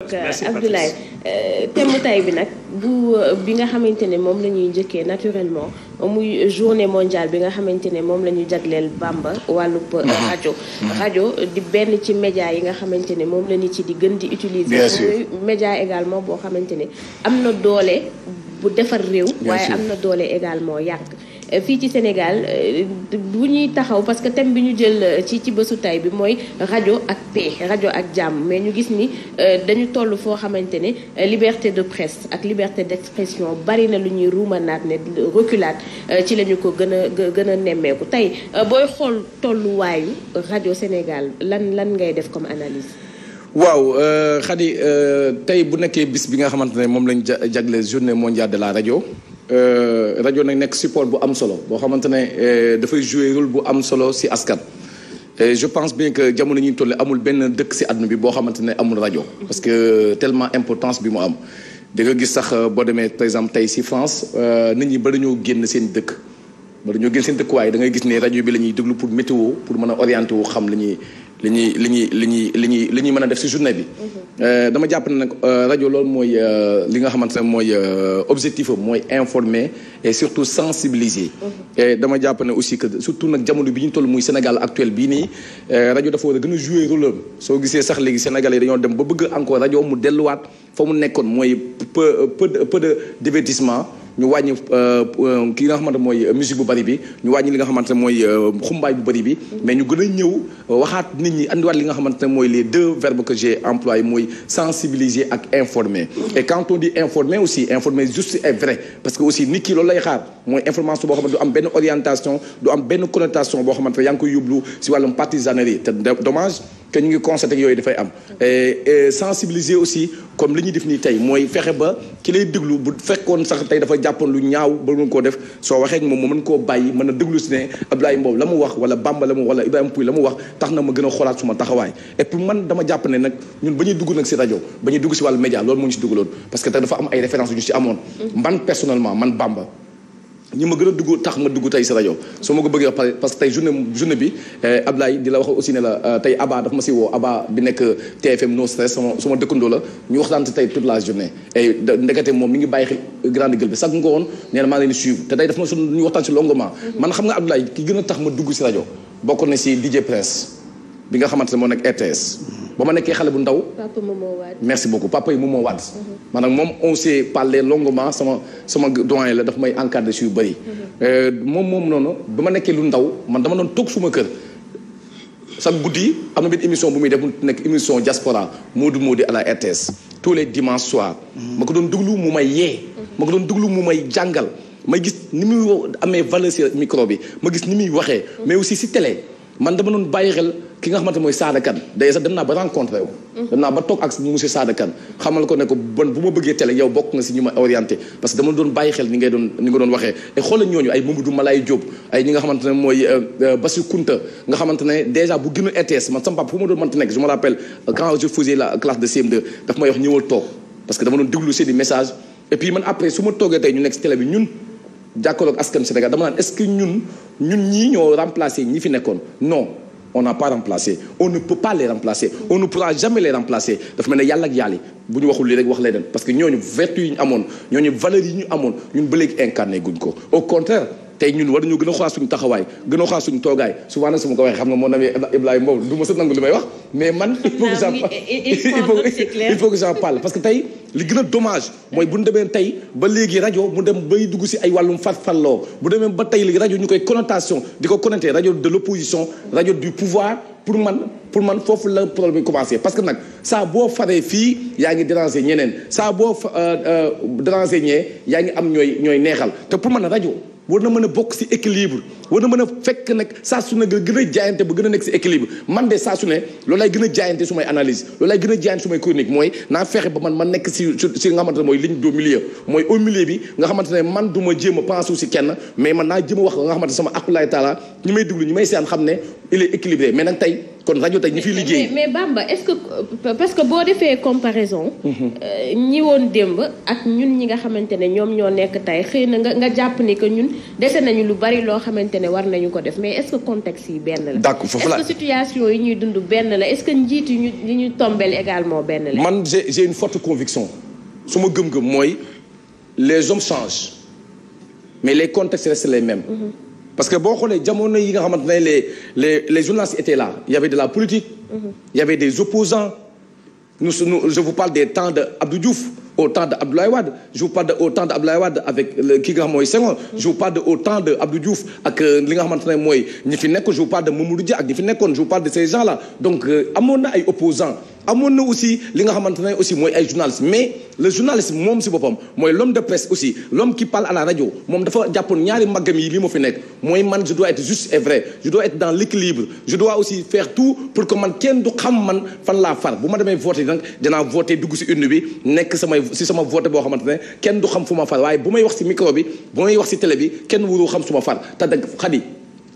Abdoulaye euh, thème tay bi nag bu bi nga xamante ne moom la ñuy njëkkee naturellement muy journée mondial bi nga xamante ne moom la ñuy jagleel Bamba wàllub mhm. Mhm. rajo rajo di benn ci média yi nga xamante ne moom la nit ci di gën di utiliser muy également boo xamante ne am na doole bu defar réew waaye am na doole également yàq Euh, fii ci Sénégal euh, bu ñuy taxaw parce que thème bi ñu jël euh, ci ci bésu tay bi mooy rajo ak paix rajo ak jàmm mais ñu gis ni dañu toll foo xamante ne liberté de presse ak liberté d'expression bari na lu ñuy ruumanaat ne reculade ci la ko gën a gën a nemmeeku tey booy xool tolluwaayu rajo Sénégal lan lan ngay def comme analyse waaw Khady tey bu nekkee bis bi nga xamante ne moom lañ jagleel journée mondiale de la rajo Euh, rajo nag nekk support bu am solo boo xamante ne euh, dafay jouer rôle bu am solo si askan. Et je pense bien que jamono ñuy toll amul benn dëkk si àdduna bi boo xamante ne amul rajo. parce que tellement importance bi mu am. da nga gis sax boo demee par exemple tey si France euh, nit ñi ba dañoo génn seen dëkk. ba dañoo génn seen dëkkuwaay da ngay gis ne rajo bi la ñuy déglu pour météo pour mën a orienté wu xam la ñuy. li ñuy li ñuy li ñuy li ñuy li ñuy mën a def si journée bi. Mhm. Euh, dama jàpp na nag euh, rajo loolu mooy euh, li nga xamante ne mooy objectif am mooy informer et surtout sensibiliser. Mhm. et dama jàpp ne aussi que surtout nag jamono bi ñu toll muy Sénégal actuel bii nii rajo dafa war a gën a jouer rôle soo gisee sax léegi Sénégal yi dañoo dem ba bëgg encore rajo mu delluwaat fa mu nekkoon mooy peu peu de peu de divertissement. ñu wàññi euh, kii nga xamante mooy musique bu bari bi ñu wàññi li nga xamante mooy euh, xumbaay bu bari bi mais ñu gën a ñëw euh, waxaat nit ñi andiwaat li nga xamante mooy les deux verbes que j'ai employé mooy sensibiliser ak informer et quand on dit informer aussi informer juste et vrai parce que aussi nit ki loolu la xaar mooy information boo xamante du am benn orientation du am benn connotation boo xamante yaa ngi koy yóbbu si wàllum partisanerie te dommage que ñu ngi constaté yooyu dafay am et sensibiliser aussi comme li ñuy def nii tey mooy fexe ba ki lay déglu bu fekkoon sax tey dafa jàppoon lu ñaaw ba mën koo def soo waxee ak moom mu mën koo bàyyi mën a déglu si ne Abdoulaye Mbow la mu wax wala Bamba la mu wala Ibrahima Pouy la mu wax tax na ma gën a xoolaat suma taxawaay et puis man dama jàpp ne nag ñun ba ñuy dugg nag si rajo ba ñuy dugg si wàllu média loolu moo ñu si duggaloon parce que tey dafa am ay références yu ñu si amoon mm-hmm. man personnellement ñi ma gën a dugg tax ma dugg tey si rajo su ma ko bëggee wax parce que tey journée journée bi eh, Ablaye di wax aussi ne la euh, tey Aba daf ma si woo Aba bi nekk TFM no stress sama su ma dëkkandoo la ñu waxtaan si tey toute la journée et ndekete moom mi ngi bàyyi xel grande gueule bi sax nga woon nee na maa leen di suivre te tey daf ma su ñu waxtaan si longuement mm-hmm. man xam nga Ablaye ki gën a tax ma dugg si rajo bokk na si DJ Prince bi nga xamante ne moo nekk RTS ba ma nekkee xale bu ndaw. papa Momo Wade merci beaucoup papa yi Momo Wade. Mhm. maanaam moom on s'est parlé longuement sama sama doyen la dafa may encadré si yu bëri. Mhm. Euh, moom moom noonu ba ma nekkee lu ndaw man dama doon toog suma kër. sax guddi am na benn émission bu muy def mu nekk émission diaspora Modou Modou à la RTS tous les dimanches soir mhm. ma ko doon déglu mu may yee. ma ko doon déglu mu may jàngal. ma gis ni muy amee valeur si micro bi ma gis ni muy waxee. mais aussi si télé. man dama doon bàyyi xel ki nga xamante mooy Sada Kane day sax dem naa ba rencontré wu mhm. dem naa ba toog ak monsieur Sada Kane xamal ko ne ko bon bu ma bëggee télé yow bokk nga si ñu ma orienté parce que dama doon bàyyi xel nga doon waxee et xoola ñooñu ay Mamadou Malaye Diop ay ne mooy euh, euh, Bassirou Kounta nga ne déjà bu gënu RTS man sama papa fu ma doon mënti nekk je me rappelle euh, quand je faisais la classe message et puis man après su ma toogee tey ñu nekk si télé bi ñun jàkkaarloog askan Sénégal dama naan est-ce que ñun ñun ñii ñoo remplacer ñi fi nekkoon non on n'a pas remplacé on ne peut pas les remplacer on ne pourra jamais les remplacer dafa mel ne yàlla ak bu ñu waxul lii rek wax dem parce que ñooñu vertu yi ñu amoon ñooñu valeurs yi ñu amoon ñun ba léegi incarné guñ ko au contraire tey ñun war nañu gën a xoolaat suñu taxawaay gën a xoolaat suñu toogaay souvent nag su ma ko waxee xam nga mon ami Ibrahima boobu du ma sa nangu li may wax mais man il faut que j'en il faut que j'en parle parce que tey li gën a dommage mooy bu ñu demee tey ba léegi rajo mu dem bay dugg si ay wàllum farfarloo bu demee ba tey léegi rajo ñu koy connotation di ko connecté rajo de l'opposition rajo du pouvoir pour man pour man foofu la problème bi commencé parce que nag saa boo faree fii yaa ngi déranger ñeneen saa boo euh, euh, déranger ñee yaa ngi am ñooy ñooy neexal te pour man rajo war na mën a bokk si équilibre war na mën a fekk nag saa su ne nga gën a jaayante ba gën a nekk si équilibre man de saa su ne loolu laay gën a jaayante su may analyse loolu laay gën a jaayante su may chronique mooy naa fexe ba man ma nekk si si nga xamante mooy ligne du milieu mooy au milieu bi nga xamante ne man duma ma jéem a pensu si kenn mais man naa jéem a wax nga xamante ne sama akulaay taala ñi may déglu ñi may seen xam ne il est équilibré mais nag tey kon rajo tey ñu fi liggéey. mais Bamba est-ce que euh, parce que boo defee comparaison. Mhm. Euh, ñi woon démb ak ñun ñi nga xamante ne ñoom ñoo nekk tey xëy na nga nga jàpp ni que ñun defe nañu lu bari loo xamante ne war nañu ko def mais est-ce que contexte yi benn la. d'accord foofu la est-ce situation yi ñuy dund benn la est-ce que njiit yi ñu yi ñu tombeel également benn la. man j'ai j'ai une forte conviction su ma gëm-gëm mooy les hommes changent mais les contextes restent les mêmes. Mhm. parce que boo xoolee jamono yi nga xamante ne les les les journalistes étaient là il y avait de la politique. Mhm. il y avait des opposants nous nous je vous parle des temps de au temps de Abdoulaye Wade je vous parle de au temps de Abdoulaye avec ki nga xam mooy Senghor. je vous parle de au temps de Abdou ak euh, li nga xamante ne mooy ñi fi nekk je vous parle de Mamadou Dia ak ñi fi nekkoon je vous parle de ces gens là donc euh, amoon na ay opposants amoon na aussi li nga xamante ne aussi mooy ay journaliste mais le journaliste moom si boppam mooy l'homme de presse aussi l'homme qui parle à la radio moom dafa jàppoon ñaari màggam yi li ma fi nekk mooy man je dois être juste et vrai je dois dans l'équilibre je dois aussi faire tout pour que man kenn du xam man fan laa far bu ma demee voté nag dinaa voté dugg si urne bi nekk samay si sama voté boo xamante ne kenn du xam fu ma far waaye bu may wax si micro bi bu wax si bi kenn wuru xam su ma far te dëgg xadi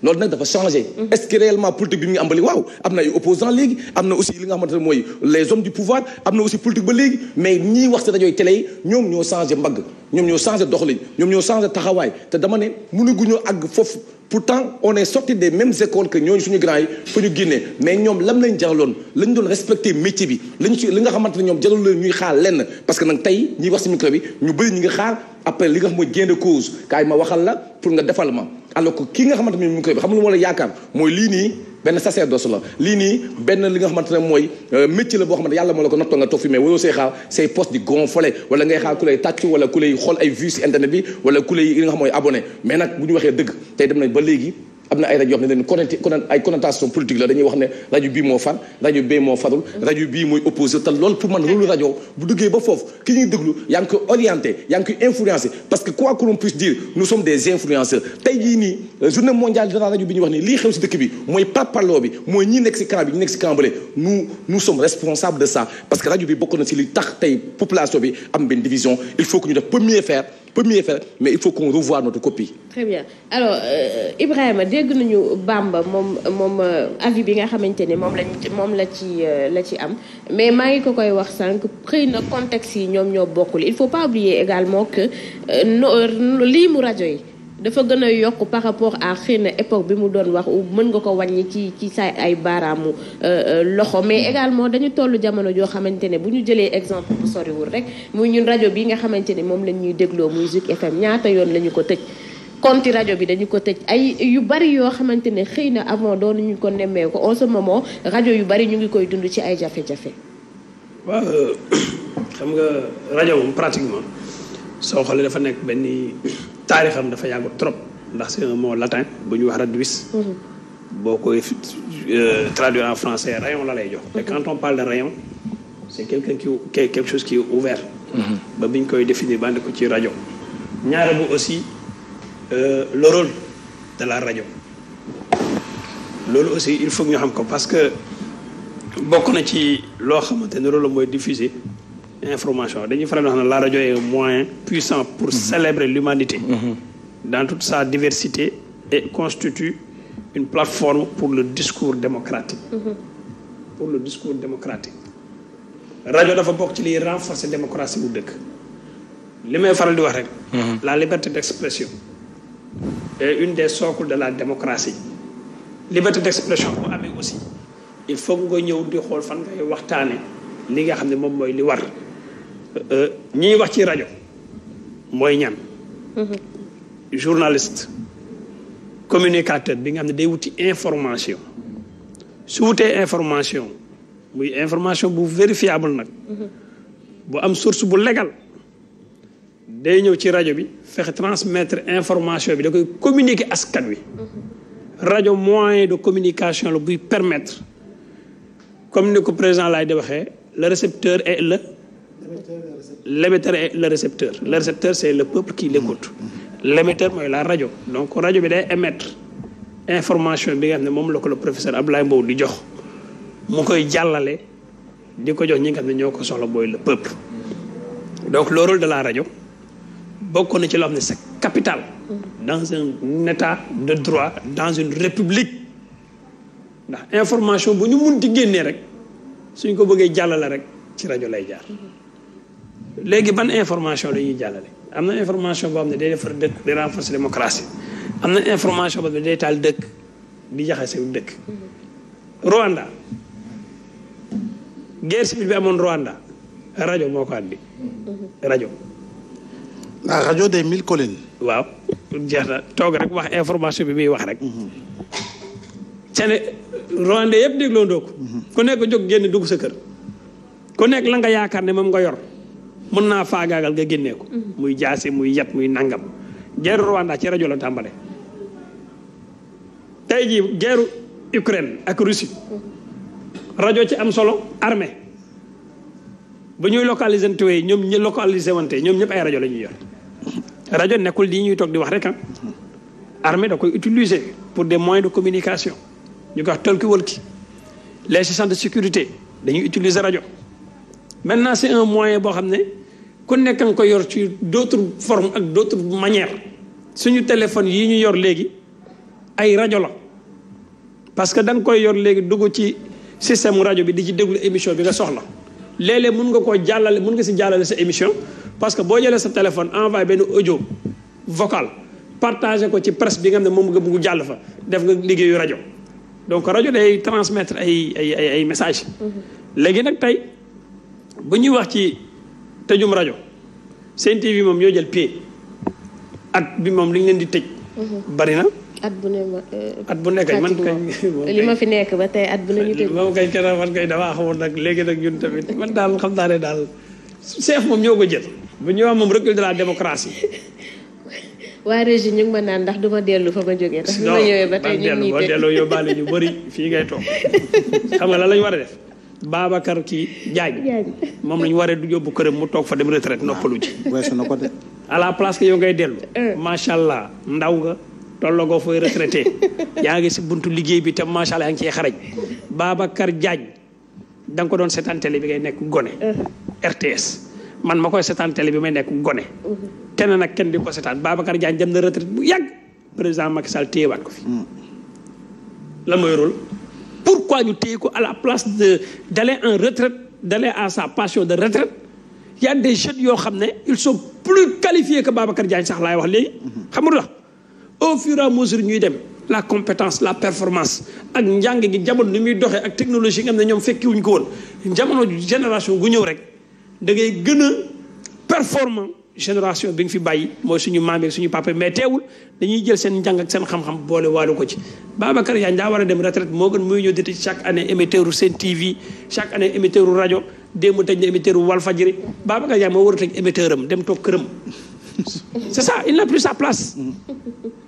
loolu nag dafa changé mhm. est-ce que réellement politique bi mu ngi ambali waaw am na ay opposants am na aussi li nga xamante ne mooy les hommes du pouvoir am na aussi politique ba léegi mais ñii wax ci rajoy télé yi ñoom ñoo changé mbagg ñoom ñoo changé doxalin ñoom ñoo changé taxawaay te dama ne mënuguñoo àgg foofu pourtant on est sorti des mêmes écoles que ñooñu suñu grand yi fu ñu génnee mais ñoom lam lañ jaraloon lañ doon respecté métier bi lañ ci li nga xamante ne ñoom jarul la ñuy xaar lenn parce que nag tey ñuy wax si micro bi ñu bëri ñi nga xaar après li nga xam mooy cause kaay ma waxal la pour nga defal ma alors que ki nga xamante ne micro bi xam lu moo la yaakaar mooy lii nii benn sacerdoce la lii nii benn li nga xamante ne mooy euh, métier la boo xamante yàlla moo la ko nattoo nga toog fi mais waroo say xaar say poste di gonflé wala ngay xaar ku lay tàccu wala ku lay xool ay vues si internet bi wala ku lay li nga xam mooy mais nag bu ñu waxee dëgg tey dem nañ ba léegi am na ay rajo yoo xam ne dañu connoté ay connotation politique la dañuy wax rajo bii moo far rajo bee moo farul bii mooy opposé te loolu pour man loolu rajo bu duggee ba foofu ki ñuy déglu yaa ngi koy orienté yaa ngi koy influencé parce que quoi que l'on puisse dire nous des influenceurs tey jii nii euh, journée mondiale de rajo bi ñuy wax nii lii xew si dëkk bi mooy parparloo bi mooy ñi nekk si camp bi ñi nekk si camp bële nous nous sommes responsables de ça parce que rajo bi bokk na si li tax tey population bi am benn division il faut que ñu def pour premier fait mais il faut qu'on revoie notre copie. très bien alors euh, Ibrahima dégg nañu Bamba moom moom euh, avis bi nga xamante ne moom lañ moom la ci euh, la ci am mais maa ngi ko koy wax sànq xëy na contexte yi ñoom ñoo bokkul il faut pas oublier également que euh, lii mu rajo yi. dafa gën a yokk par rapport à xëy na époque bi mu doon wax mën nga ko wàññi ci ci sa ay baaraamu euh, euh, loxo mais mm-hmm. également dañu toll jamono joo xamante ne bu ñu jëlee exemple bu soriwul rek muy ñun rajo bi nga xamante ne moom lañ ñuy dégloo muy Zik FM ñaata yoon la ñu ko tëj konti rajo bi dañu ko tëj ay yu bari yoo xamante ne xëy na avant doon ñu ko nemmee ko en ce moment rajo yu bari ñu ngi koy dund ci ay jafe-jafe waaw euh, xam nga rajo moom pratiquement soo nekk taarixam dafa yàgg trop ndax c'est un mot latin bu ñu wax radius mm-hmm. boo koy euh, traduire en français rayon la lay jox te mm-hmm. quand on parle de rayon c'est quelqu'un quelque chose qui ouvert mm-hmm. ba biñ koy définir bandi ci rajo ñaare bu aussi euh, le rôle rajo loolu aussi il faut ñu xam ko parce que bokk na ci loo xamante ne loolu mooy diffuser information dañuy faral di wax ne la rajo est un moyen puissant pour mm -hmm. célébrer l'humanité mm dans toute sa diversité et constitue une plateforme pour le discours démocratique mm pour le discours démocratique rajo dafa bokk ci liy renforcer démocratie bu dëkk li may faral di wax rek mhm. la liberté d'expression une des socles de la démocratie liberté d'expression bu amee aussi il faut nga ñëw di xool fan ngay waxtaane li nga xam ne moom mooy li war Euh, ñiy wax ci rajo mooy ñan mm-hmm. journaliste communicateur bi nga xam ne day wuti information su wutee information muy information bu vérifiable nag mm-hmm. bu am source bu legal day ñëw ci rajo bi fexe transmetre information bi da koy communiquer askan wi mm-hmm. rajo moyen de communication la buy permettre comme ni ko président lay di waxee le récepteur est le l'émetteur et le récepteur le récepteur c'est le peuple kii l'écoute l'émetteur mooy la rajo donc rajo bi day émettre information bi nga xam ne moom la ko le professeur Abdoulaye Mbow di jox mu koy jàllale di ko jox ñi nga xam ne ñoo ko soxla mooy le peuple donc le rôle de la rajo bokk na ci loo xam ne c'est capital dans un état de droit dans une république ndax information bu ñu munti génnee rek suñ ko bëggee jàllale rek ci rajo lay jaar léegi ban information la ñuy jàllale am na information boobu xam ne day defar dëkk di renforcer démocratie am na information boo xam ne day taal dëkk di jaxase dëkk. Rwanda guerre civile bi amoon Rwanda rajo moo ko andi rajo. la ah, rajo des mille collines. waaw jeex na toog rek wax information bi muy wax rek. sene mhm. Rwanda yëpp dégloo ndoo ko mhm. ku nekk jog génn dugg sa kër ku nekk la nga yaakaar ne moom nga yor. mën naa faagaagal nga génnee ko. Mm-hmm. muy jaasi muy yat muy nangam. geeru Rwanda ci rajo la tàmbale. tey jii geeru Ukraine ak Russie. Mm-hmm. rajo ci am solo armée bu ñuy localiser tuwee ñoom ñi localiser ñoom ñëpp ay rajo la ñuy yor rajo nekkul lii ñuy toog di wax rek ah. Mm-hmm. armée da koy utiliser pour des moyens de communication ñu ko wax talkie-walkie les agents de sécurité dañuy utiliser rajo maintenant c'est un moyen boo xam ne. ku nekk nga ko yor ci d'autres formes ak d'autres manières suñu téléphone yi ñu yor léegi ay rajo la parce que da nga koy yor léegi dugg ci système rajo bi di ci déglu émission bi nga soxla léeg mun nga koo jàllale mun nga si jàllale sa émission parce que boo jëlee sa téléphone envoyé benn audio vocal partagé ko ci presse bi nga xam ne moom nga bugg jàll fa def nga liggéeyu rajo donc rajo day transmettre ay ay ay message mm-hmm. léegi nag tey bu ñuy wax ci tëjum rajo seen TV moom yoo jël pied at bi moom li leen di tëj. Mhm. bari na. at bu ne ma euh, bu nekk man kay li ma fi nekk ba tey at bu ne ñu tëj. kay keneen man kay damaa nag léegi nag ñun tamit man daal xam naa ne daal chef moom ñoo ko jël. bu ñu wax moom recul de la démocratie. waa régie ñu ngi ma naan ndax du ma dellu fa ma jógee. ndax ma ñëwee ba tey ñu ngi ñuy tëj boo delloo ñu bëri fii ngay toog xam nga la lañ war a def. Babacar kii Diagne moom la waree du yóbbu këram mu toog fa dem retraite noppalu ci. weesu na ko de. à la place yow ngay dellu. Euh. macha allah ndaw nga tollagoo fooy retraité yaa ngi si buntu liggéey bi tam macha allah yaa ngi ciy xarañ Babacar jaañ danga ko doon seetaan télé bi ngay nekk gone. Euh. RTS man ma koy seetaan télé bi may nekk gone. Euh. kenn nag kenn di ko seetaan Babacar Diagne dem na retraite bu yàgg président Macky Sall téyewaat ko fi. Hmm. la mooy rôle. Pourquoi téye ko à la place d'aller en retraite, d'aller à sa passion de retraite Il y a des jeunes qui ils sont plus qualifiés que Babacar Diagne sax laay wax léegi xam nga au fur et à mesure ñuy dem la compétence la performance ak njàng gi jamono ni muy doxee ak technologie nga xam ne ñoom fekkiwuñ ko woon jamono génération gu ñëw rek da ngay gën a performant génération bi nga fi bàyyi mooy suñu maam suñu papa mais teewul dañuy jël seen njàng seen xam-xam boole waalo ko ci Babacar Diagne daa war a dem retraite moo gën muy ñëw di chaque année émetteur seen TV chaque année émetteur u rajo démb tëj na émetteur u Walfadjri Babacar Diagne moo war a tëj émetteur am dem toog këram c'est ça il n'a plus sa place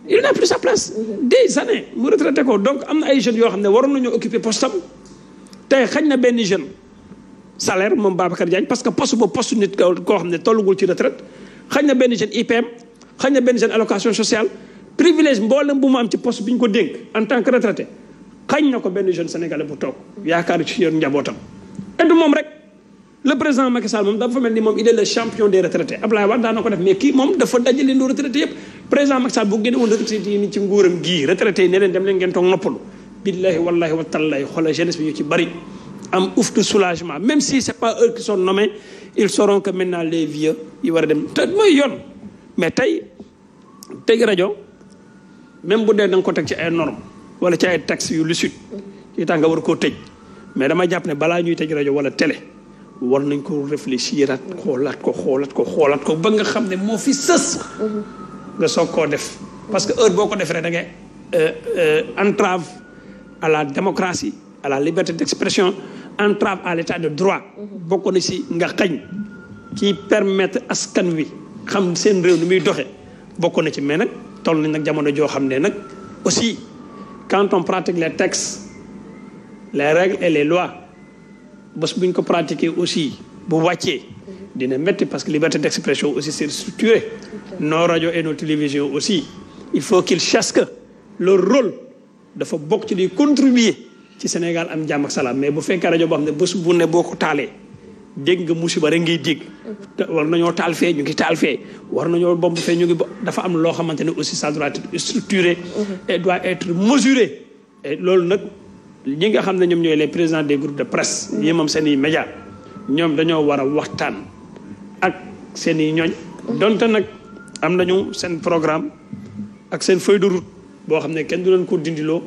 il n'a plus sa place des années mu retraité ko donc am na ay jeunes yoo xam ne waroon nañoo occuper poste am tey xañ na benn jeune salaire moom Babacar Diagne parce que poste ba poste nit koo xam ne tollugul ci retraite xañ na benn jeune IPM xañ na benn jeune allocation sociale privilège mboolem bu mu am ci poste bi ñu ko dénk en tant que retraité xañ na ko benn jeune sénégalais bu toog yaakaar ci yor njabootam. et du moom rek le président Macky moom dafa mel ni moom il est champion des retraités Abdoulaye Wade daan na def mais kii moom dafa dajale leen dem leen ngeen toog am ouf de soulagement même si c'est pas eux qui sont nommés soron sauront que maintenant les vieux yi war a dem te mooy yoon mais tey teg rajo même bu dee da ko teg ci ay normes wala ci ay taxes yu lucide ci tax nga war koo tëj mais dama jàpp ne balaa ñuy tëj rajo wala télé war nañ ko réfléchiraat xoolaat ko xoolaat ko xoolaat ko bëgg nga xam ne moo fi sës nga soog koo def parce que heure boo ko defee da ngay euh, euh, entrave à la démocratie à la liberté d'expression entrave à l'état de droit bokk na si nga xañ kii permettre askan wi xam seen réew ni muy doxe bokkoon na ci mais nag toll nañ nag jamono joo xam ne nag aussi quand pratique les textes les règles et les lois bés bu ñu ko pratiquer aussi bu wàccee dina metti parce que liberté d'expression aussi c'est structuré nos radios et nos télévisions aussi il faut qu'ils sachent que loolu rôle dafa bokk ci di contribuer ci Sénégal am jàmm ak salaam mais bu fekkee rajo boo xam ne bés bu ne boo ko taalee dégg nga musiba rek ngay dégg. war nañoo taal fee ñu ngi taal fee war nañoo bomb fee ñu ngi dafa am loo xamante ne aussi ça doit être structuré. Mhm. et doit être mesuré. loolu nag ñi nga xam na ñoom ñooy les président des groupes de presse. yi mhm. moom seeni i ñoom dañoo war a waxtaan ak seen i ñooñ. Mhm. donte nag am nañu seen programme ak seen feuille de route. boo xam ne kenn du leen ko dindiloo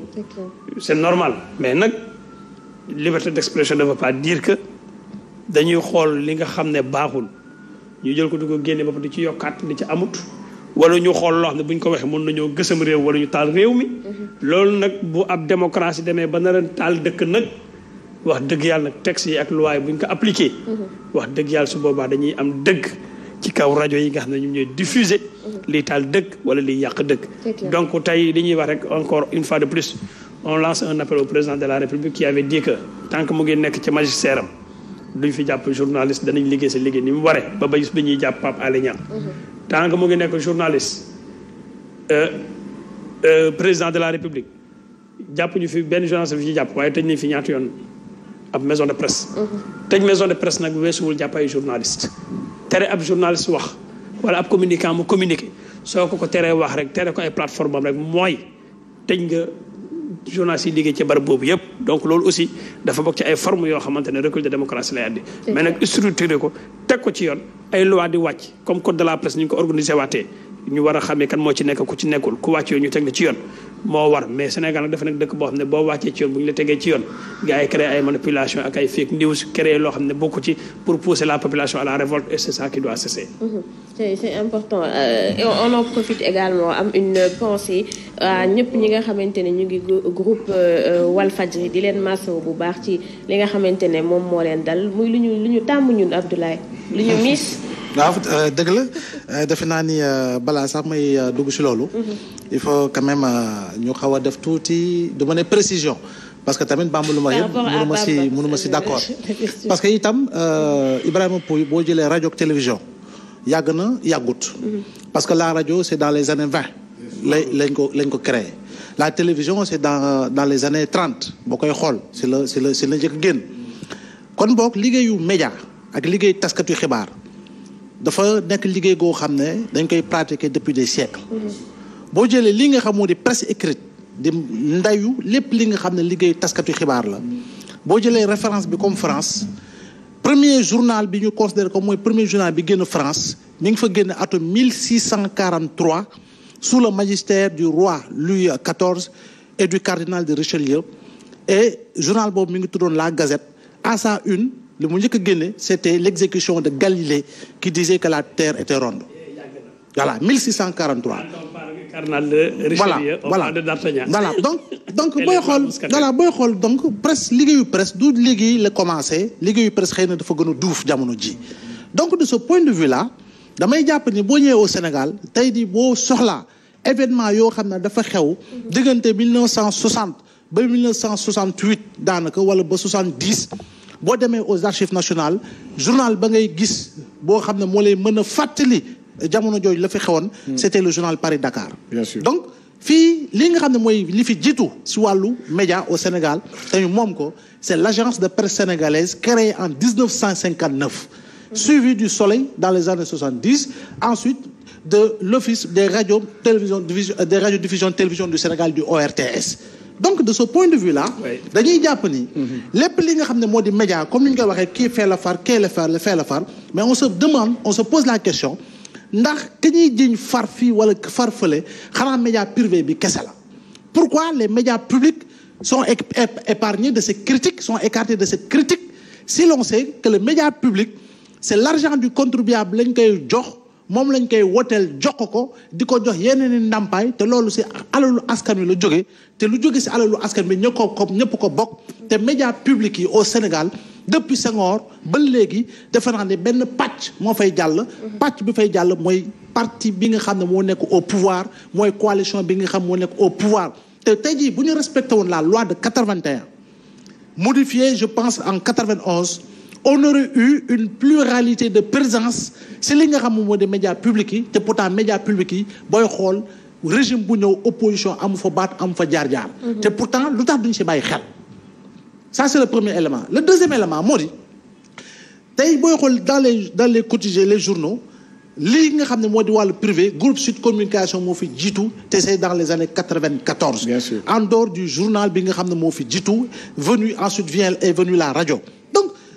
c'est normal mais nag liberté d'expression ne veut pas dire que dañuy xool li nga xam ne baaxul ñu jël ko di génne ba di ci yokkaat di ci amut wala ñu xool loo xam ne bu ñu ko waxee mun nañoo gësam réew wala ñu taal réew mi mm-hmm. loolu nag bu ab démocratie demee ba naran taal dëkk nag wax dëgg yàlla nag texte yi ak loi bu ñu ko appliqué mm-hmm. wax dëgg yàlla su boobaa dañuy am dëgg ci kaw rajo yi nga xam ne ñu ñooy diffuser mhm. liy taal dëkk wala liy yàq dëkk donc tey li ñuy wax rek encore une fois de plus on lance un appel président de la république qui avait dit que tant que mu ngi nekk ci magistère am duñ fi jàpp journaliste danañ liggéey sa liggéey ni mu waree ba ba gis bi ñuy jàpp Pape Alé Niang mhm. que mu ngi nekk journaliste euh, euh, président de la république jàpp ñu fi benn journaliste bi ci jàpp waaye tëj nañ fi ñaata yoon ab maison de presse. tëj maison de presse nag weesuwul jàpp ay journaliste tere ab journaliste wax wala ab communicant mu communiqué soo ko ko teree wax rek tere ko ay plateforme rek mooy tëj nga journaliste yi liggéey ci barab boobu yëpp donc loolu aussi dafa bokk ci ay forme yoo xamante ne recul de démocratie lay àddi mais nag structuré ko teg ko ci yoon ay loi di wàcc comme code de la presse ni ñu ko organisé waatee ñu war a xamee kan moo ci nekk ci nekkul ku wàcc yoon ñu teg la ci yoon moo war mais Sénégal nag dafa nekk dëkk boo xam ne boo wàccee ci yoon bu ñu la tegee ci yoon gars yi créé ay manipulation ak ay fake news créé loo xam ne bokku ci pour pousser la population à la révolte et c'est ça qui doit mm-hmm. c'est important euh, et en profite également am une pensée à ñëpp ñi nga xamante ne ñu ngi groupe euh, Walfadjri di leen masawu bu baax ci li nga xamante ne moom moo leen dal muy lu ñu lu ñu tàmm ñun Abdoulaye. lu waaw euh, dëgg la euh, defe naa ni euh, balaa sax may dugg ci loolu. Mhm. il faut quand même ñu xaw a def tuuti du ma ne précision. parce que tamit bamb lu ma yëpp mënu ma si mënu ma d'accord parce que itam Ibrahima Pouy boo jëlee rajo télévision yàgg na yàggut. Mhm. parce que la rajo c'est dans les années vingt. la lañ ko lañ ko créé. la télévision c'est dans dans les années trente boo koy xool si la si la si la njëkk génn kon boog liggéeyu média ak liggéey taskatu xibaar. dafa nekk liggéey goo xam ne dañ koy pratiquer depuis des siècles boo jëlee li nga xam moo di presse écrite di ndayu lépp li nga xam ne liggéey taskatu xibaar la boo jëlee référence bi comme France premier journal bi ñu considéré comme mooy premier journal bi génn France mi ngi fa génn atum 1643 sous le magistère du roi Louis XIV et du cardinal de Richelieu et journal boobu mi ngi tuddoon La Gazette à sa une li mu njëkk a génne c'était l'exécution de Galilée qui disait que la terre était ronde voilà 1643. carnal voilà voilà voilà donc donc booy xool voilà booy xool donc presse liggéeyu presse du léegi la commencé liggéeyu presse xëy na dafa gën a duuf jamono ji donc de ce point de vue là damay jàpp ni boo ñëwee au Sénégal tey di boo soxla événement yoo xam ne dafa xew diggante 1960 ba 1968 daanaka wala ba 70 boo demee aux archives nationales journal ba ngay gis boo xam ne moo lay mën a fàttali jamono jooju la fi xewoon. Hmm. c'était le journal Paris Dakar. bien sûr donc fii li nga xam ne mooy li fi jiitu si wàllu média au Sénégal te moom ko c'est l'agence de presse sénégalaise créée en 1959. Hmm. suivi du Soleil dans les années 70 ensuite de l'office des radios télévision euh, des radiodiffusion télévision du Sénégal du ORTS. donc de ce point de vue là. dañuy jàpp ni. Mhm. lépp li nga xam ne moo di média comme ni ñu koy waxee kii fee far kee la far far mais on se demande on se pose la question ndax ki ñuy jiñ far fii wala far fële xanaa média privé bi kese la pourquoi les médias publics sont épargnés de ces critiques sont écartés de cette critique si que le média public c'est l'argent du contribuable lañ koy jox. moom lañ koy woteel jox ko di ko jox yeneen i ndàmpaay te loolu si alalu askan wi la jóge te lu jóge si alalu askan bi ñëpp ko ñëpp ko bokk te média public yi au Sénégal depuis Senghor ba léegi defe naa ne benn pàcc moo fay jàll pàcc bi fay jàll mooy parti bi nga xam ne moo nekk au pouvoir mooy coalition bi nga xam moo nekk au pouvoir te tey jii bu ñu respecté woon laa loi de 81 modifiée je pense en 91 on aurait eu une pluralité de présence si li nga xam moom moo di média public yi te pourtant média public yi booy xool régime bu ñëw opposition amu fa baat amu fa jaar-jaar mhm. te pourtant lu tax duñ si bàyyi xel ça c'est le premier élément le deuxième élément moo di tey booy xool dans les dans les quotidiens les journaux lii nga xam ne moo di wàllu privé groupe Sud Communication moo fi jiitu te c'est dans les années 94 bien sûr en dehors du journal bi nga xam ne moo fi jiitu venu ensuite vient est venue la radio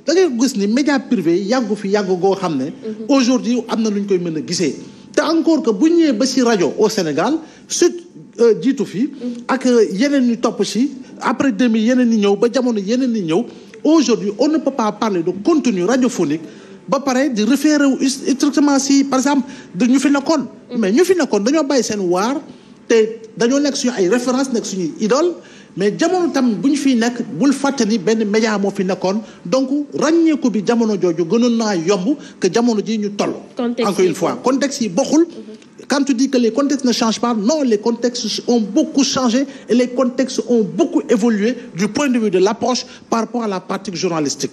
da ngay gis ni média privé yàggu fi yàgg goo xam ne. Mhm. aujourd'hui am na lu ñu koy mën a gisee. te encore que bu ñëwee ba ci rajo au Sénégal sut euh, jiitu fi. Mhm. ak euh, yeneen ñu topp ci après demi yeneen ñi ñëw ba jamono yeneen ñi ñëw. aujourd'hui on ne peut pas parler de contenu radiophonique ba pare di référé wu strictement si par exemple ñu fi nekkoon. Mhm. mais ñu fi nekkoon dañoo bàyyi seen waar te dañoo nekk suñu ay références nekk suñuy idole mais jamono tam bu ñu fiy nekk bul fàtte ni benn média moo fi nekkoon donc ràññeeku bi jamono jooju gënoon naa yomb que jamono ji ñu toll. encore une fois contexte yi bokkul. Mhm. quand tu dis que les contextes ne changent pas non les contextes ont beaucoup changé et les contextes ont beaucoup évolué du point de vue de l'approche par rapport la pratique journalistique.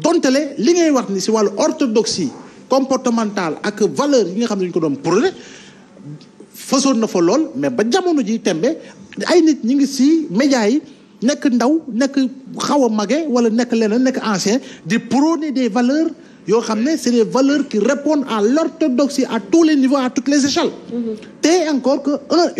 dontele li ngay wax ni si wàllu orthodoxie comportementale ak valeur yi nga xam ne ñu ko doon prôné façon na fa lool mais ba jamono ji tembe ay nit ñi ngi si médias yi nekk ndaw nekk xaw a mage wala nekk leneen nekk ancien di prôner des valeurs yoo xam ne c'est des valeurs qui répondent à l'orthodoxie à tous les niveaux à toutes les échelles mm-hmm. te encore que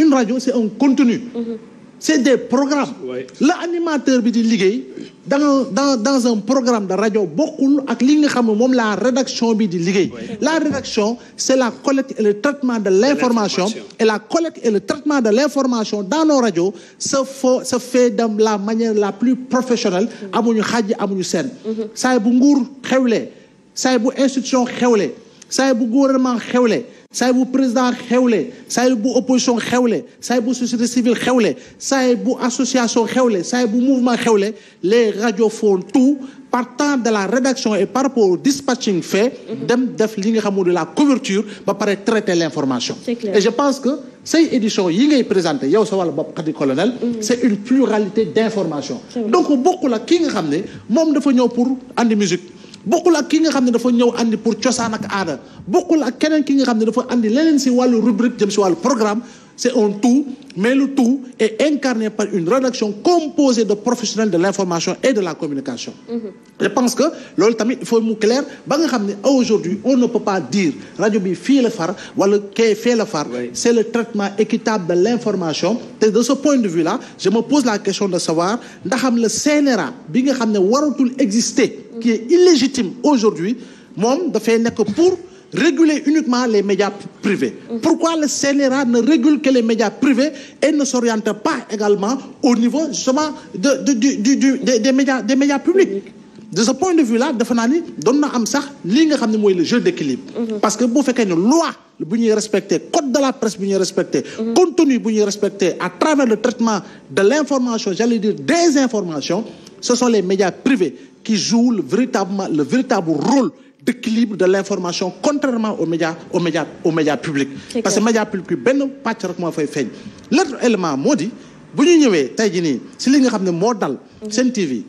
une radio c'est un contenu mm-hmm. c'est des programme la animateur bi di liggéey dans dans dans un programme de rajo bokkul ak li nga xam moom la rédaction bi di liggéey la rédaction c'est la collecte et le traitement de l'information et la collecte et le traitement de l'information dans nos radios se fo se fait de la manière la plus professionnelle mm-hmm. amuñu xaaj amuñu seen mm-hmm. saay bu nguur xewlee saay bu institution xewlee saay bu gouvernement xewlee saay bu président xewle saay bu opposition xewle saay bu société civile xewle saay bu association xewle saay bu mouvement xewle les radios font tout partant de la rédaction et par rapport au dispatching fait dem def li nga xamul de la couverture ba pare traiter l'information et je pense que say édition yi ngay présenté yow sa wàllu bopp xadi colonel mm. c'est une pluralité d'information donc bokkul ak ki nga xam ne moom dafa ñëw pour andi musique bokkul ak ki nga xam ne dafa ñëw andi pour cosaan ak aada bokkul ak keneen ki nga xam ne dafa andi leneen si wàllu rubrique jëm si wàllu programme c'est un tout mais le tout est incarné par une rédaction composée de professionnels de l'information et de la communication mm-hmm. je pense que loolu tamit il faut mu clair ba nga xam ne aujourd'hui on ne peut pas dire rajo bi fii la far wala kee fee la far c'est le traitement équitable de l'information te de ce point de vue là je me pose la question de savoir ndaxam le CNRA bi nga xam ne waratul exister qui est illégitime aujourd'hui moom dafay nekk pour réguler uniquement les médias privés mhm. pourquoi le CNRA ne régule que les médias privés et ne s'oriente pas également au niveau justement de de du du du des, des médias des médias publics de ce point de vue là dafa naa ni doon na am sax li nga xam ne mooy le jeu d'équilibre mhm. parce que bou fekkee ne loi bu ñuy respecté code de la presse bu ñuy respecté mhm. contenu bu ñuy respecté à travers le traitement de l'information j'allais dire des informations ce sont les médias privés qui joue le véritablement le véritable rôle d'équilibre de l'information contrairement aux médias aux médias aux médias publics parce que médias publics yi benn pàcc rek moo fay feeñ l'autre élément moo di bu ñu ñëwee tey ji nii si li nga xam ne moo dal mhm. seen TV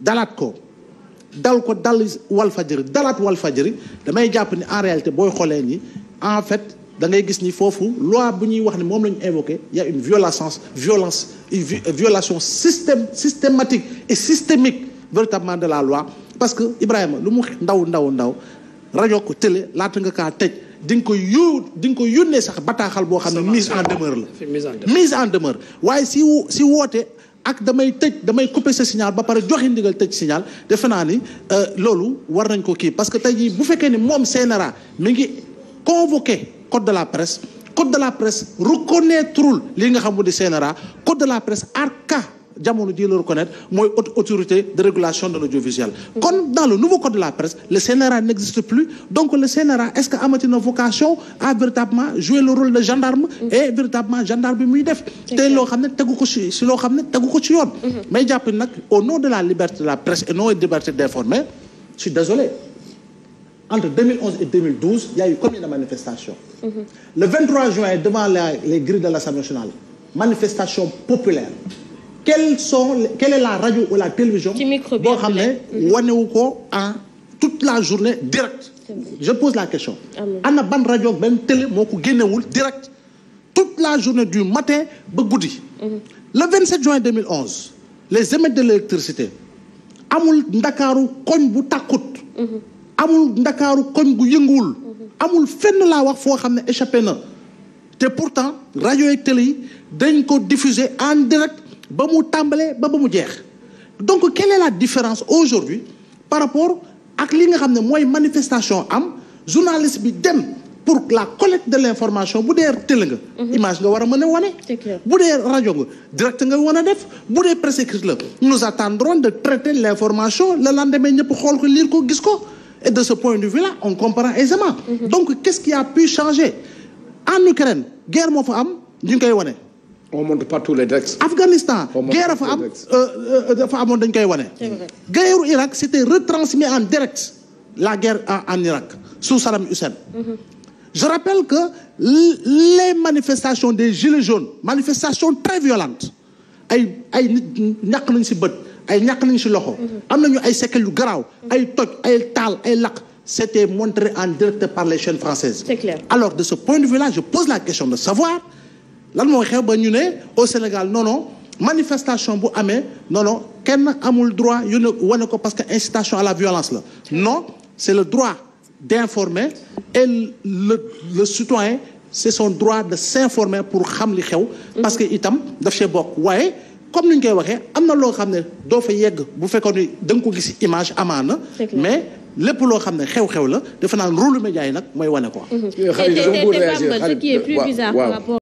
dalaat ko dal ko dal Walfadjri dalaat Walfadjri damay jàpp ni en réalité booy xoolee ni en fait da ngay gis ni foofu loi bu ñuy wax ne moom la ñu invoqué y une violence violence une violation système systématique et systémique véritablement de la loi parce que Ibrahima lu mu ndaw ndaw ndaw rajo ko télé laata nga kaa tëj di nga ko yóo di nga ko yónnee sax bataaxal boo xam ne mise en demeure la mise en demeure waaye si si woote ak damay tëj damay couper sa signal ba pare joxe ndigal tëj signal defe naa euh, loolu war nañ ko kii parce que tey jii bu fekkee ni moom CNRA mi ngi convoqué code de la presse code de la presse reconnaîtreul li nga xam mu di CNRA code de la presse arca jamono ji la reconnaître mooy haute autorité de régulation de l'audiovisuel kon dans le nouveau code de la presse le CNRA n'existe plus donc le CNRA est-ce que amati vocation à véritablement jouer le rôle de gendarme et véritablement gendarme bi muy def te loo xam ne tegu ko ci si loo xam ne tegu ko ci yoon mm-hmm. mais jàpp nag au nom de la liberté de la presse et non de la liberté d'informer je suis entre et 2012 il y a eu combien de manifestations mm -hmm. le 23 juin devant les, les grilles de l'Assemblée quelles sont quelle la radio ou la télévision boo xam ne mhm. wanewu ko en toute la journée direct je pose la question na ban rajo benn télé moo ko génnewul direct toute la journée du matin ba guddi mhm. le 27 juin 2011 les émetteurs de l'électricité amul ndakaaru koñ bu tàkkut mhm. amul ndakaaru koñ bu yënguwul amul fenn laa wax foo xam ne échappé na te pourtant rajo yi télé yi dañ ko diffuser en direct ba mu tàmbalee ba ba mu jeex donc quelle est la différence aujourd'hui par rapport ak li nga xam ne mooy manifestation am journaliste bi dem pour la collecte de l'information bu dee télé nga mhm. image nga war a mën a wane bu dee rajo nga direct nga wan a def bu dee presse écrite la nous attendrons de traiter l'information le lendemain ñëpp xool ko lire ko gis ko et de ce point de vue là on comprend aisément mm -hmm. donc qu'est-ce qui changer en Ukraine guerre moo fa am ñu koy wane on monte pas tous les dex. Afghanistan guerre fa am euh, euh, euh, dafa amoon dañ koy wane. guerre Irak c'était retransmis en direct la guerre en Irak su Saddam Hussein. Mm-hmm. je rappelle que les manifestations des gilets jaunes manifestation très violentes ay ay nit ñàkk nañ ci bët ay ñàkk nañ si loxo. Mm-hmm. am nañu ay séquelles yu garaaw. Mm-hmm. ay toj ay taal ay lakk. c'était montré en direct par les chaînes françaises. C'est clair. alors de ce point de vue je pose la question de savoir. lan moo xew ba ñu ne au Sénégal non manifestation bu amee non kenn amul droit yu ne wane ko parce que incitation à la violence la no c'est le droit d'informer et le le citoyen c'est son droit de s'informer pour xam li xew. parce que itam daf see bokk waaye. comme ni ñu koy waxee am na loo xam ne doo fa yegg bu fekkoon ni da nga ko gis image amaana mais lépp loo xam ne xew-xew la dafa naan rôle média yi nag mooy wane ko.